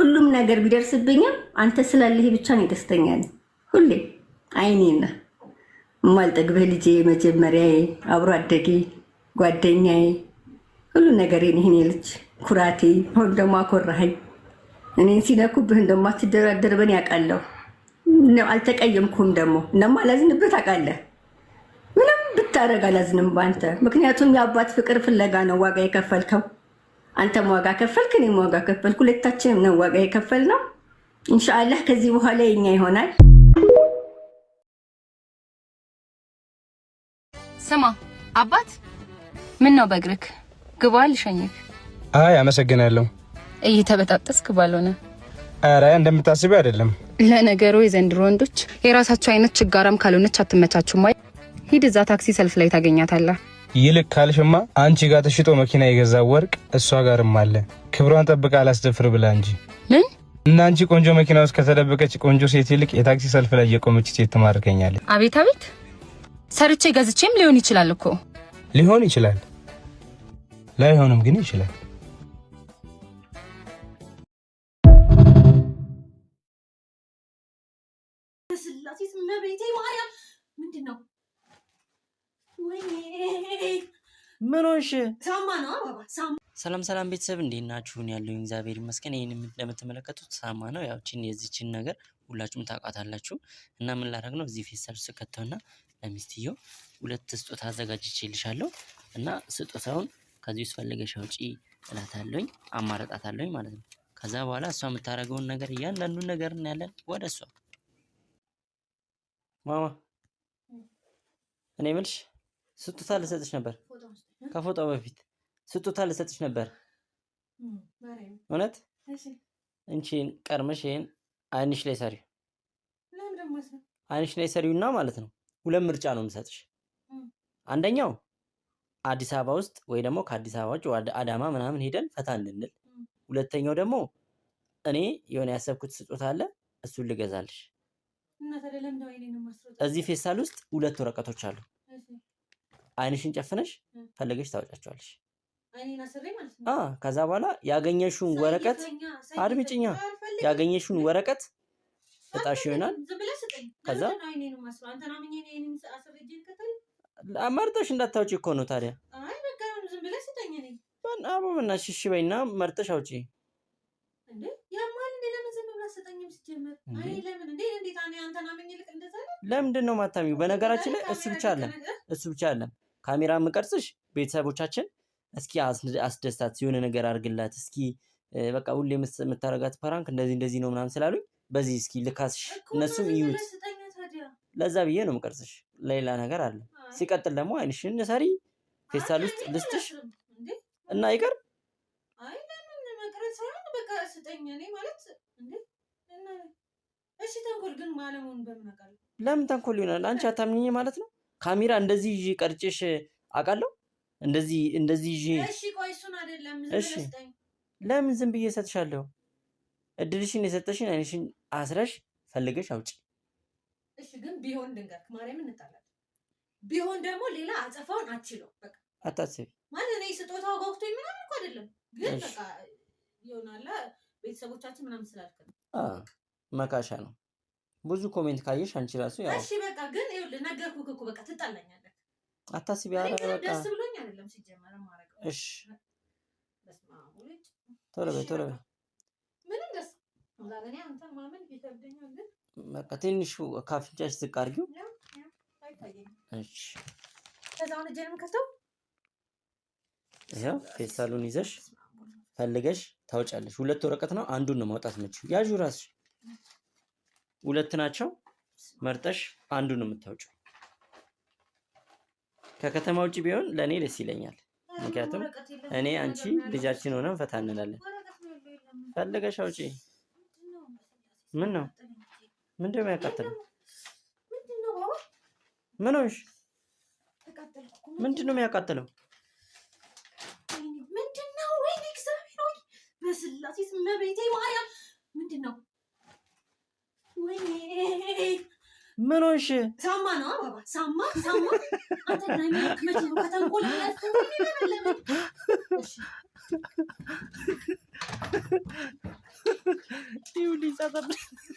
ሁሉም ነገር ቢደርስብኝም አንተ ስላለህ ብቻ ነው ደስተኛ ነኝ። ሁሌ አይኔና እማልጠግብህ ልጄ፣ መጀመሪያ አብሮ አደጌ፣ ጓደኛዬ፣ ሁሉ ነገር ይህኔ ልጅ ኩራቴ። አሁን ደግሞ አኮራኸኝ። እኔን ሲነኩብህ እንደማትደራደር በእኔ ያውቃለሁ። አልተቀየምኩም ደግሞ እንደማላዝንበት አውቃለህ። ምንም ብታደርግ አላዝንም በአንተ ምክንያቱም የአባት ፍቅር ፍለጋ ነው ዋጋ የከፈልከው። አንተም ዋጋ ከፈልክ፣ እኔም ዋጋ ከፈልክ። ሁለታችንም ነው ዋጋ የከፈል ነው። እንሻአላህ ከዚህ በኋላ የኛ ይሆናል። ስማ አባት፣ ምን ነው በእግርክ ግባ፣ ልሸኝክ። አይ አመሰግናለሁ። እየተበጣጠስክ ባልሆነ። አረ እንደምታስቢው አይደለም። ለነገሩ የዘንድሮ ወንዶች የራሳቸው አይነት ችጋራም ካልሆነች አትመቻችሁም። ሂድ፣ እዛ ታክሲ ሰልፍ ላይ ታገኛታለህ። ይልቅ ካልሽማ አንቺ ጋር ተሽጦ መኪና የገዛ ወርቅ እሷ ጋርም አለ። ክብሯን ጠብቃ አላስደፍር ብላ እንጂ ምን እና አንቺ ቆንጆ መኪና ውስጥ ከተደበቀች ቆንጆ ሴት ይልቅ የታክሲ ሰልፍ ላይ የቆመች ሴት ትማርከኛለች። አቤት አቤት! ሰርቼ ገዝቼም ሊሆን ይችላል እኮ ሊሆን ይችላል፣ ላይሆንም ግን ይችላል። ምንድን ነው ምን ሆንሽ? ሰላም ሰላም ቤተሰብ እንዴት ናችሁን? ያለው እግዚአብሔር ይመስገን። ይህን ለምትመለከቱት ሳማ ነው። ያችን የዚችን ነገር ሁላችሁም ታውቃታላችሁ። እና ምን ላደርግ ነው እዚህ ፌስታል ውስጥ ከተውና ለሚስትየው ሁለት ስጦታ አዘጋጅቼልሻለሁ እና ስጦታውን ከዚህ ውስጥ ፈልገሽ አውጪ እላታለሁኝ፣ አማረጣታለሁኝ ማለት ነው። ከዛ በኋላ እሷ የምታደርገውን ነገር እያንዳንዱን ነገር እናያለን። ወደ እሷ ማማ እኔ ምልሽ ስጦታ ልሰጥሽ ነበር። ከፎጣ በፊት ስጦታ ልሰጥሽ ነበር። እውነት እንቺን ቀርመሽ ይሄን አይንሽ ላይ ሰሪው አይንሽ ላይ ሰሪውና ማለት ነው። ሁለት ምርጫ ነው የምሰጥሽ። አንደኛው አዲስ አበባ ውስጥ ወይ ደግሞ ከአዲስ አበባ ውጭ አዳማ ምናምን ሄደን ፈታ እንድንል፣ ሁለተኛው ደግሞ እኔ የሆነ ያሰብኩት ስጦታ አለ እሱን ልገዛልሽ። እዚህ ፌስታል ውስጥ ሁለት ወረቀቶች አሉ። አይንሽን ጨፍነሽ ፈለገሽ ታወጫቸዋለሽ። ከዛ በኋላ ያገኘሽውን ወረቀት አድምጭኛ፣ ያገኘሽውን ወረቀት እጣሽ ይሆናል። ከዛ መርጠሽ እንዳታውጪ እኮ ነው ታዲያ አበበና ሽሽ በይና መርጠሽ አውጪ። ለምንድን ነው ማታሚው? በነገራችን ላይ እሱ ብቻ አለን እሱ ብቻ አለን ካሜራ የምቀርጽሽ ቤተሰቦቻችን እስኪ አስደስታት፣ የሆነ ነገር አድርግላት፣ እስኪ በቃ ሁሌ የምታረጋት ፕራንክ እንደዚህ እንደዚህ ነው ምናምን ስላሉኝ በዚህ እስኪ ልካስሽ፣ እነሱም ይዩት። ለዛ ብዬ ነው ምቀርጽሽ ሌላ ነገር አለ። ሲቀጥል ደግሞ አይንሽን ሰሪ ፌስታል ውስጥ ልስጥሽ እና ይቀር ለምን ተንኮል ይሆናል? አንቺ አታምኝኝ ማለት ነው። ካሜራ እንደዚህ ይዤ ቀርጭሽ አውቃለሁ። እንደዚህ እንደዚህ ይዤ እሺ፣ ለምን ዝም ብዬ እሰጥሻለሁ? እድልሽን የሰጠሽን አይንሽን አስረሽ ፈልገሽ አውጪ። እሺ፣ ግን ቢሆን ድንገት ማርያም እንጣላለን። ቢሆን ደግሞ ሌላ አጸፋውን አችለው በቃ አታስቢ። ማለት እኔ ስጦታው ወቅቱ ምናምን እኮ አይደለም፣ ግን በቃ ይሆናል ቤተሰቦቻችን ምናምን ስላልከ መካሻ ነው። ብዙ ኮሜንት ካየሽ አንቺ ራሱ ያው እሺ፣ በቃ ግን ይኸውልህ ነገርኩህ እኮ በቃ ትጣላኛለህ። አታስቢ። ያረ በቃ ደስ ብሎኝ አይደለም ሲጀመር ማረቀው። እሺ፣ ቶሎ በይ ቶሎ በይ። ምንም ደስ ላገኛ አንተ ማመን ይከብደኛል። ግን በቃ ትንሽ ካፍንጫሽ ዝቅ አድርጊው። እሺ፣ ከዛው እጄንም ከተው ይኸው ፌስታሉን ይዘሽ ፈልገሽ ታውጫለሽ። ሁለት ወረቀት ነው፣ አንዱን ነው ማውጣት የምችው። ያዡ ራስሽ ሁለት ናቸው። መርጠሽ አንዱን የምታውጭው ከከተማ ውጭ ቢሆን ለእኔ ደስ ይለኛል። ምክንያቱም እኔ አንቺ ልጃችን ሆነን ፈታ እንላለን። ፈልገሽ አውጪ። ምን ነው ምንድን ነው ያቃጠለው? ምን ሆንሽ? ምንድን ነው የሚያቃጥለው? ምንድን ነው? ወይኔ እግዚአብሔር በስላሴ ምን ሆንሽ? ሳማ ነው ባባ ሳማ ሳማ አንተ